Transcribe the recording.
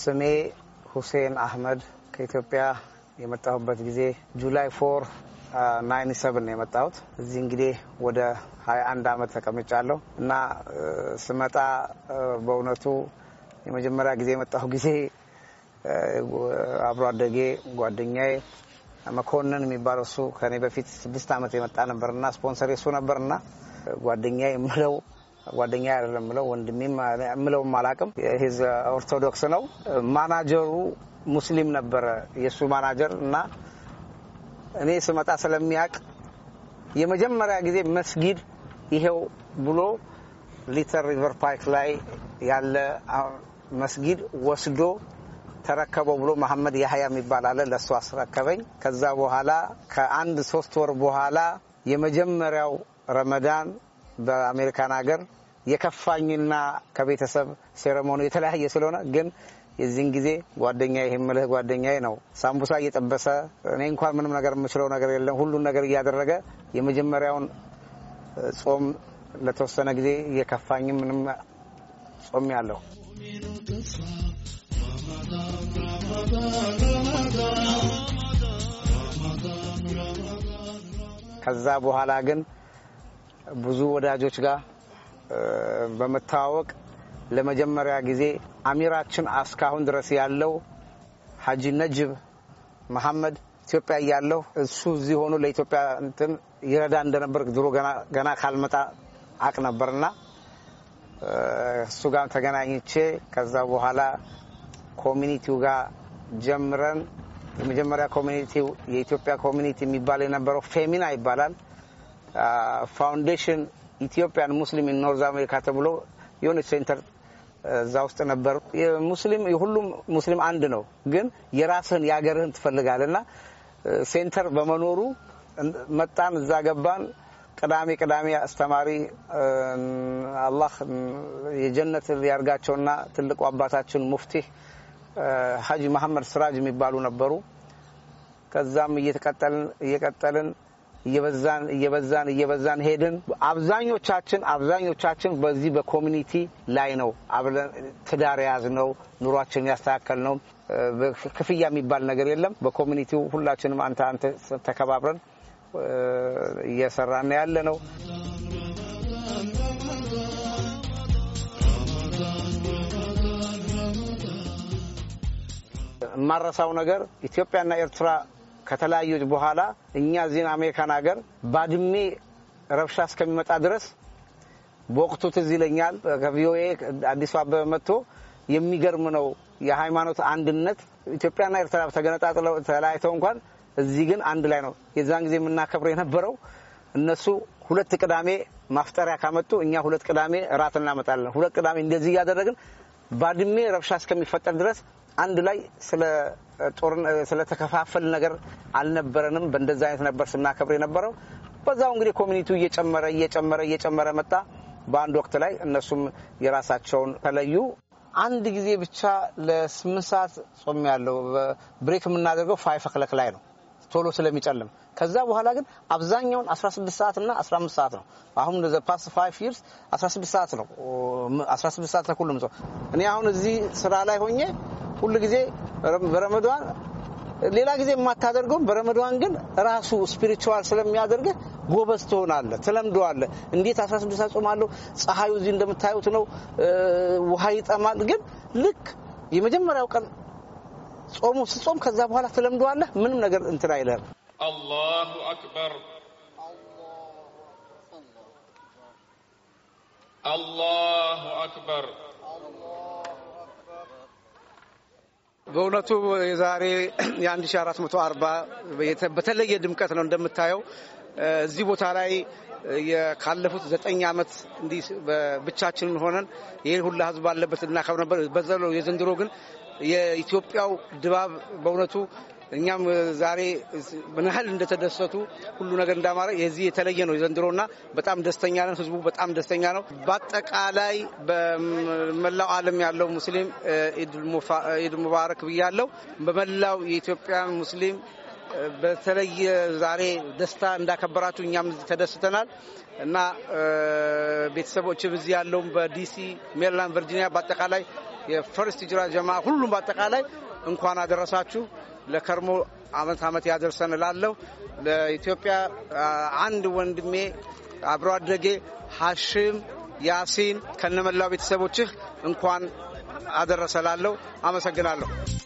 ስሜ ሁሴን አህመድ ከኢትዮጵያ የመጣሁበት ጊዜ ጁላይ ፎር ናይንቲ ሰብን ነው የመጣሁት። እዚህ እንግዲህ ወደ ሀያ አንድ አመት ተቀምጫለሁ እና ስመጣ በእውነቱ የመጀመሪያ ጊዜ የመጣሁ ጊዜ አብሮ አደጌ ጓደኛዬ መኮንን የሚባለው እሱ ከኔ በፊት ስድስት ዓመት የመጣ ነበርና ስፖንሰር እሱ ነበርና ጓደኛ የምለው ጓደኛ አይደለም ምለው ወንድሜ ምለውም አላቅም። ሂዝ ኦርቶዶክስ ነው። ማናጀሩ ሙስሊም ነበረ የእሱ ማናጀር እና እኔ ስመጣ ስለሚያውቅ የመጀመሪያ ጊዜ መስጊድ ይሄው ብሎ ሊተር ሪቨር ፓርክ ላይ ያለ መስጊድ ወስዶ ተረከበው ብሎ መሐመድ ያህያ የሚባል አለ ለእሱ አስረከበኝ። ከዛ በኋላ ከአንድ ሶስት ወር በኋላ የመጀመሪያው ረመዳን በአሜሪካን ሀገር የከፋኝና ከቤተሰብ ሴረሞኑ የተለያየ ስለሆነ ግን የዚህን ጊዜ ጓደኛ የምልህ ጓደኛዬ ነው። ሳምቡሳ እየጠበሰ እኔ እንኳን ምንም ነገር የምችለው ነገር የለም ሁሉን ነገር እያደረገ የመጀመሪያውን ጾም ለተወሰነ ጊዜ እየከፋኝም ምንም ጾም ያለው ከዛ በኋላ ግን ብዙ ወዳጆች ጋር በመተዋወቅ ለመጀመሪያ ጊዜ አሚራችን እስካሁን ድረስ ያለው ሀጂ ነጅብ መሐመድ ኢትዮጵያ እያለሁ እሱ እዚህ ሆኖ ለኢትዮጵያ እንትን ይረዳ እንደነበር ድሮ ገና ካልመጣ አቅ ነበርና እሱ ጋር ተገናኝቼ ከዛ በኋላ ኮሚኒቲው ጋር ጀምረን የመጀመሪያ ኮሚኒቲው የኢትዮጵያ ኮሚኒቲ የሚባል የነበረው ፌሚና ይባላል። ፋውንዴሽን ኢትዮጵያን ሙስሊም ኖርዝ አሜሪካ ተብሎ የሆነች ሴንተር እዛ ውስጥ ነበር። ሙስሊም ሁሉም ሙስሊም አንድ ነው፣ ግን የራስህን የሀገርህን ትፈልጋለህ እና ሴንተር በመኖሩ መጣን፣ እዛ ገባን። ቅዳሜ ቅዳሜ አስተማሪ አላህ የጀነት ያርጋቸውና ትልቁ አባታችን ሙፍቲህ ሀጂ መሐመድ ስራጅ የሚባሉ ነበሩ። ከዛም እየቀጠልን እየበዛን እየበዛን እየበዛን ሄድን። አብዛኞቻችን አብዛኞቻችን በዚህ በኮሚኒቲ ላይ ነው አብረን ትዳር የያዝነው ኑሯችን ያስተካከል ነው። ክፍያ የሚባል ነገር የለም። በኮሚኒቲው ሁላችንም አንተ አንተ ተከባብረን እየሰራን ያለ ነው። የማረሳው ነገር ኢትዮጵያና ኤርትራ ከተለያዩት በኋላ እኛ እዚህን አሜሪካን ሀገር ባድሜ ረብሻ እስከሚመጣ ድረስ በወቅቱ ትዝ ይለኛል ከቪኦኤ አዲሱ አበበ መጥቶ የሚገርም ነው የሃይማኖት አንድነት ኢትዮጵያና ኤርትራ ተገነጣጥለው ተለያይተው እንኳን እዚህ ግን አንድ ላይ ነው። የዛን ጊዜ የምናከብር የነበረው እነሱ ሁለት ቅዳሜ ማፍጠሪያ ካመጡ እኛ ሁለት ቅዳሜ እራት እናመጣለን። ሁለት ቅዳሜ እንደዚህ እያደረግን ባድሜ ረብሻ እስከሚፈጠር ድረስ አንድ ላይ ስለ ስለተከፋፈል ነገር አልነበረንም። በእንደዛ አይነት ነበር ስናከብር የነበረው። በዛው እንግዲህ ኮሚኒቲው እየጨመረ እየጨመረ እየጨመረ መጣ። በአንድ ወቅት ላይ እነሱም የራሳቸውን ተለዩ። አንድ ጊዜ ብቻ ለስምንት ሰዓት ጾም ያለው ብሬክ የምናደርገው ፋይፍ ላይ ነው ቶሎ ስለሚጨልም ከዛ በኋላ ግን አብዛኛውን 16 ሰዓት እና 15 ሰዓት ነው። አሁን ዘ ፓስት ፋይቭ ይርስ 16 ሰዓት ነው። 16 ሰዓት ተኩል ነው። እኔ አሁን እዚህ ስራ ላይ ሆኜ ሁሉ ጊዜ በረመዷን ሌላ ጊዜ የማታደርገውም በረመዷን ግን ራሱ ስፒሪቹዋል ስለሚያደርግህ ጎበዝ ትሆናለህ፣ ትለምደዋለህ። እንዴት 16 ሰዓት ጾማለሁ፣ ፀሐዩ እዚህ እንደምታዩት ነው፣ ውሃ ይጠማል። ግን ልክ የመጀመሪያው ቀን ጾሙ ስጾም ከዛ በኋላ ትለምደዋለህ። ምንም ነገር እንትን አይለም። አላሁ አክበር አላሁ አክበር። በእውነቱ የዛሬ የ1440 በተለየ ድምቀት ነው እንደምታየው እዚህ ቦታ ላይ ካለፉት ዘጠኝ ዓመት እንዲህ ብቻችንን ሆነን ይህን ሁላ ህዝብ ባለበት እናከብር ነበር። በዘሎ የዘንድሮ ግን የኢትዮጵያው ድባብ በእውነቱ እኛም ዛሬ ምን ያህል እንደተደሰቱ ሁሉ ነገር እንዳማረ የዚህ የተለየ ነው የዘንድሮ እና በጣም ደስተኛ ነን። ህዝቡ በጣም ደስተኛ ነው። በአጠቃላይ በመላው ዓለም ያለው ሙስሊም ኢድ ሙባረክ ብያለው። በመላው የኢትዮጵያ ሙስሊም በተለይ ዛሬ ደስታ እንዳከበራችሁ እኛም ተደስተናል እና ቤተሰቦችም እዚህ ያለውም በዲሲ፣ ሜሪላንድ፣ ቨርጂኒያ በአጠቃላይ የፈርስት ጅራ ጀማ ሁሉም በአጠቃላይ እንኳን አደረሳችሁ ለከርሞ አመት አመት ያደርሰን እላለሁ። ለኢትዮጵያ አንድ ወንድሜ አብሮ አደጌ ሀሽም ያሲን ከነመላው ቤተሰቦችህ እንኳን አደረሰላለሁ። አመሰግናለሁ።